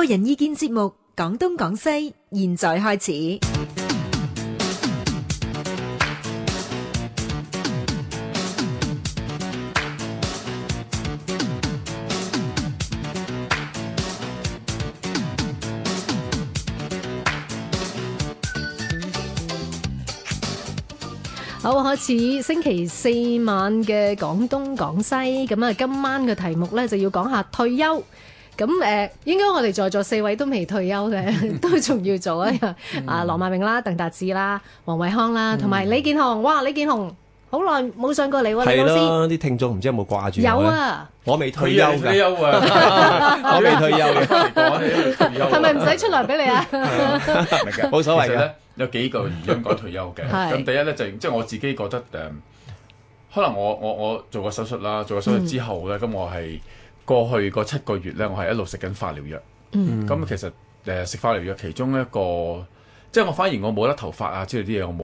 個人意見節目《講東講西》，現在開始。好，開始星期四晚嘅《講東講西》。咁啊，今晚嘅題目呢就要講下退休。咁誒、呃，應該我哋在座四位都未退休嘅，都仲要做、嗯、啊！阿羅曼穎啦、鄧達智啦、黃惠康啦，同、嗯、埋李健雄。哇！李健雄，好耐冇上過嚟喎、啊，老師、啊。啲聽眾唔知道有冇掛住？有啊。我未退休㗎。退休㗎。 休 我未退休嘅。嘅！休。係咪唔使出糧俾你啊？ 明嘅，冇所謂嘅。有幾個原因改退休嘅。咁 第一咧就即、是、係我自己覺得誒，可能我我我做過手術啦，做過手術之後咧，咁、嗯、我係。過去嗰七個月呢，我係一路食緊化療藥。咁、嗯、其實、呃、食化療藥其中一個，即係我反而我冇甩頭髮啊之類啲嘢，我冇。